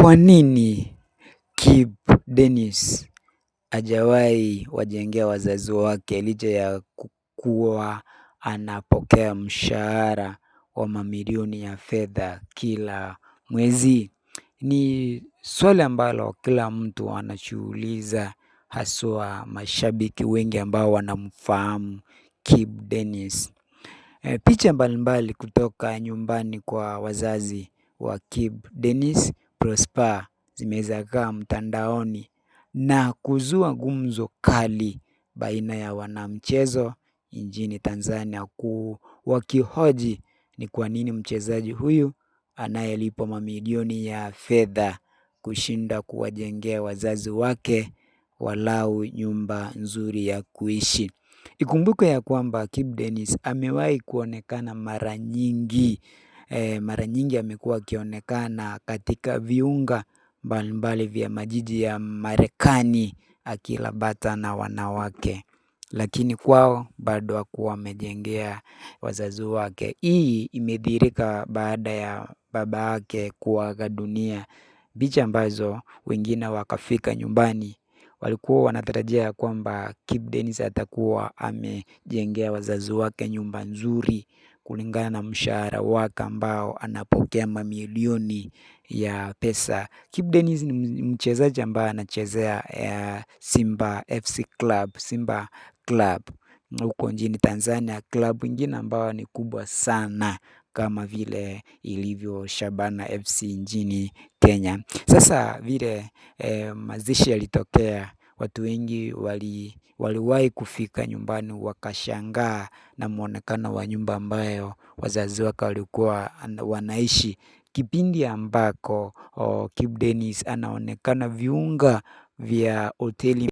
Kwa nini Kibu Dennis hajawahi wajengea wazazi wake licha ya kuwa anapokea mshahara wa mamilioni ya fedha kila mwezi? Ni swali ambalo kila mtu anachuuliza haswa mashabiki wengi ambao wanamfahamu Dennis. E, Picha mbalimbali kutoka nyumbani kwa wazazi wa Kibu Denis Prosper zimezagaa mtandaoni na kuzua gumzo kali baina ya wanamchezo nchini Tanzania wakihoji ni kwa nini mchezaji huyu anayelipwa mamilioni ya fedha kushinda kuwajengea wazazi wake walau nyumba nzuri ya kuishi. Ikumbukwe ya kwamba Kibu Denis amewahi kuonekana mara nyingi Eh, mara nyingi amekuwa akionekana katika viunga mbalimbali vya majiji ya Marekani akila bata na wanawake lakini kwao bado hakuwa amejengea wazazi wake. Hii imedhihirika baada ya baba yake kuaga dunia, picha ambazo wengine wakafika nyumbani walikuwa wanatarajia ya kwamba Kip Dennis atakuwa amejengea wazazi wake nyumba nzuri kulingana na mshahara wake ambao anapokea mamilioni ya pesa. Kibu Denis ni mchezaji ambaye anachezea eh, Simba FC Club, Simba Club huko nchini Tanzania, klabu ingine ambayo ni kubwa sana kama vile ilivyo Shabana FC nchini Kenya. Sasa vile eh, mazishi yalitokea watu wengi wali waliwahi kufika nyumbani wakashangaa na muonekano wa nyumba ambayo wazazi wake walikuwa wanaishi kipindi ambako oh, Kibu Denis anaonekana viunga vya hoteli.